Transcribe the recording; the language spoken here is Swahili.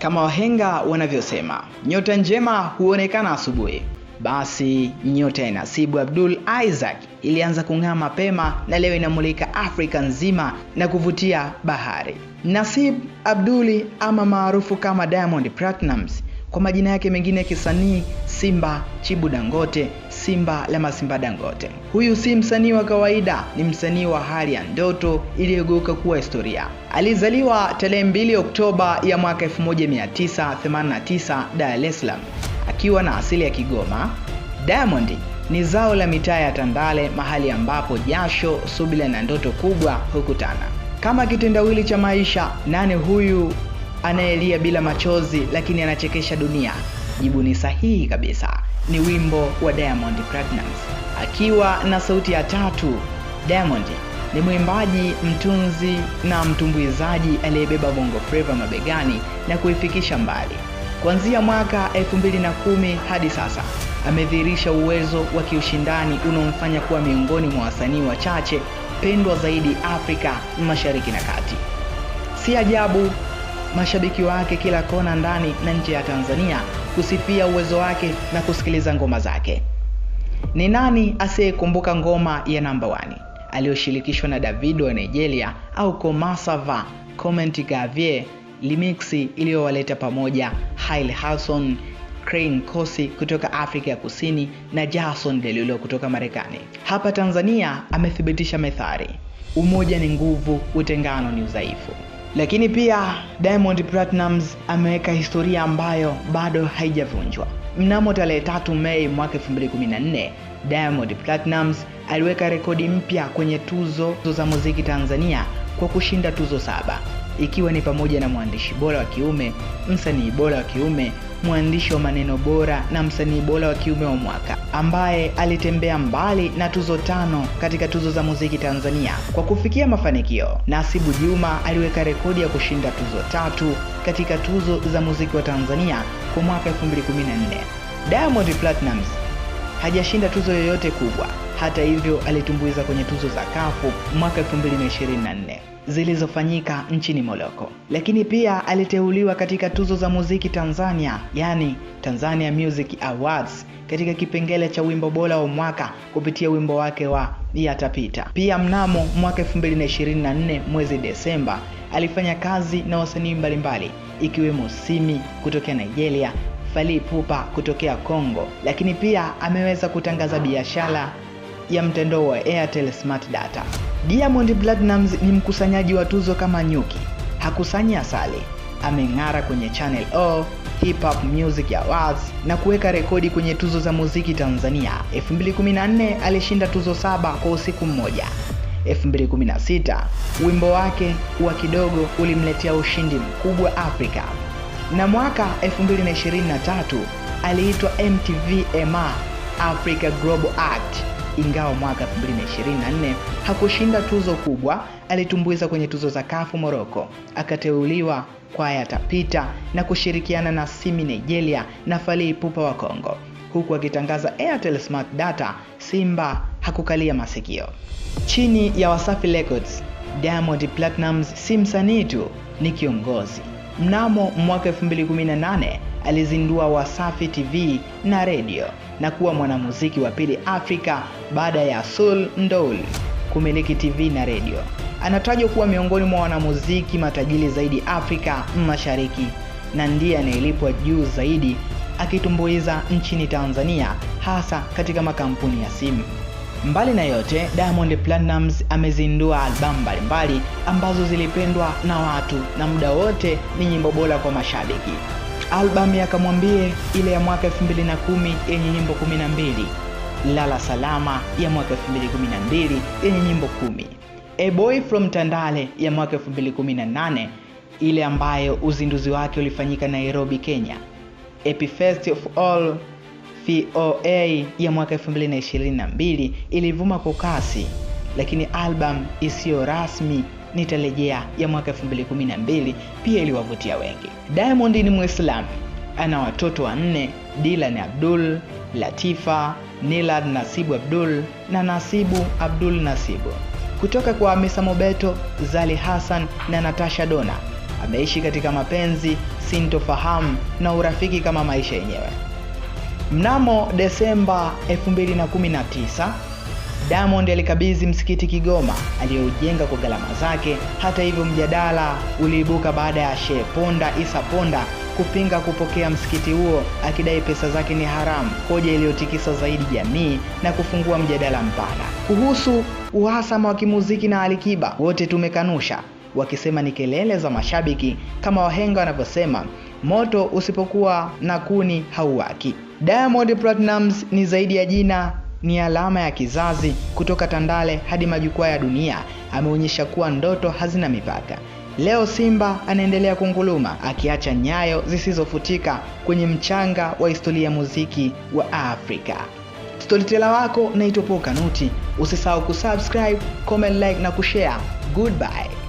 Kama wahenga wanavyosema, nyota njema huonekana asubuhi. Basi nyota ya Nasibu Abdul Isaac ilianza kung'aa mapema na leo inamulika Afrika nzima na kuvutia bahari. Nasib Abduli ama maarufu kama Diamond Platnumz kwa majina yake mengine ya kisanii Simba Chibu Dangote Simba la Masimba Dangote. Huyu si msanii wa kawaida, ni msanii wa hali ya ndoto iliyogeuka kuwa historia. Alizaliwa tarehe 2 Oktoba ya mwaka 1989 Dar es Salaam akiwa na asili ya Kigoma. Diamond ni zao la mitaa ya Tandale, mahali ambapo jasho, subila na ndoto kubwa hukutana kama kitendawili cha maisha. Nani huyu anayelia bila machozi lakini anachekesha dunia? Jibu ni sahihi kabisa ni wimbo wa Diamond Platnumz akiwa na sauti ya tatu. Diamond ni mwimbaji, mtunzi na mtumbuizaji aliyebeba Bongo Flava mabegani na kuifikisha mbali. Kuanzia mwaka 2010 hadi sasa amedhihirisha uwezo wa kiushindani unaomfanya kuwa miongoni mwa wasanii wachache pendwa zaidi Afrika Mashariki na Kati. Si ajabu mashabiki wake kila kona ndani na nje ya Tanzania kusifia uwezo wake na kusikiliza ngoma zake. Ni nani asiyekumbuka ngoma ya namba wani aliyoshirikishwa na Davido wa Nigeria au Komasava Comment Gavie limixi iliyowaleta pamoja Haile hason crain Kosi kutoka Afrika ya Kusini na Jason delulo kutoka Marekani. Hapa Tanzania amethibitisha methari umoja ni nguvu, utengano ni udhaifu. Lakini pia Diamond platinums ameweka historia ambayo bado haijavunjwa. Mnamo tarehe tatu Mei mwaka 2014, Diamond platinums aliweka rekodi mpya kwenye tuzo za muziki Tanzania kwa kushinda tuzo saba ikiwa ni pamoja na mwandishi bora wa kiume, msanii bora wa kiume, mwandishi wa maneno bora na msanii bora wa kiume wa mwaka, ambaye alitembea mbali na tuzo tano katika tuzo za muziki Tanzania kwa kufikia mafanikio. Nasibu Juma aliweka rekodi ya kushinda tuzo tatu katika tuzo za muziki wa Tanzania kwa mwaka 2014. Diamond platinums hajashinda tuzo yoyote kubwa. Hata hivyo, alitumbuiza kwenye tuzo za Kafu mwaka 2024 zilizofanyika nchini Morocco, lakini pia aliteuliwa katika tuzo za muziki Tanzania, yani Tanzania Music Awards katika kipengele cha wimbo bora wa mwaka kupitia wimbo wake wa Yatapita. Pia mnamo mwaka 2024 mwezi Desemba alifanya kazi na wasanii mbalimbali ikiwemo Simi kutokea Nigeria Fally Ipupa kutokea Kongo, lakini pia ameweza kutangaza biashara ya mtandao wa Airtel Smart Data. Diamond Platnumz ni mkusanyaji wa tuzo kama nyuki, hakusanyi asali. Ameng'ara kwenye Channel O Hip Hop Music Awards na kuweka rekodi kwenye tuzo za muziki Tanzania. 2014 alishinda tuzo saba kwa usiku mmoja. 2016 wimbo wake wa kidogo ulimletea ushindi mkubwa Afrika na mwaka 2023 aliitwa MTVMA Africa Global Act. Ingawa mwaka 2024 hakushinda tuzo kubwa, alitumbuiza kwenye tuzo za Kafu Moroko, akateuliwa kwaya Tapita na kushirikiana na Simi Nigeria na Fally pupa wa Kongo, huku akitangaza Airtel Smart Data. Simba hakukalia masikio. Chini ya Wasafi Records, Diamond Platnumz si msanii tu, ni kiongozi. Mnamo mwaka 2018 alizindua Wasafi TV na redio na kuwa mwanamuziki wa pili Afrika baada ya Soul ndol kumiliki TV na redio. Anatajwa kuwa miongoni mwa wanamuziki matajiri zaidi Afrika Mashariki na ndiye anayelipwa juu zaidi akitumbuiza nchini Tanzania hasa katika makampuni ya simu. Mbali na yote, Diamond Platnumz amezindua albamu mbalimbali ambazo zilipendwa na watu na muda wote ni nyimbo bora kwa mashabiki. Albamu ya Kamwambie ile ya mwaka 2010 yenye nyimbo 12, Lala Salama ya mwaka 2012 yenye nyimbo kumi, A Boy From Tandale ya mwaka 2018 ile ambayo uzinduzi wake ulifanyika Nairobi, Kenya, Epifest of All VOA ya mwaka 2022 ilivuma kwa kasi, lakini album isiyo rasmi Nitarejea ya mwaka 2012 pia iliwavutia wengi. Diamond ni Muislamu, ana watoto wanne, Dylan Abdul, Latifa, Nilad Nasibu Abdul na Nasibu Abdul Nasibu. Kutoka kwa Hamisa Mobeto, Zali Hassan na Natasha Dona. Ameishi katika mapenzi, sintofahamu na urafiki kama maisha yenyewe. Mnamo Desemba 2019 Diamond alikabidhi msikiti Kigoma aliyoujenga kwa gharama zake. Hata hivyo, mjadala uliibuka baada ya Sheikh Ponda Isa Ponda kupinga kupokea msikiti huo akidai pesa zake ni haramu, hoja iliyotikisa zaidi jamii na kufungua mjadala mpana kuhusu uhasama wa kimuziki na Alikiba. Wote tumekanusha wakisema ni kelele za mashabiki kama wahenga wanavyosema moto usipokuwa na kuni hauwaki. Diamond Platnumz ni zaidi ya jina, ni alama ya kizazi. Kutoka Tandale hadi majukwaa ya dunia, ameonyesha kuwa ndoto hazina mipaka. Leo Simba anaendelea kunguluma akiacha nyayo zisizofutika kwenye mchanga wa historia ya muziki wa Afrika. Storyteller wako naitwa Paul Kanuti. Usisahau kusubscribe, comment, like na kushare. Goodbye.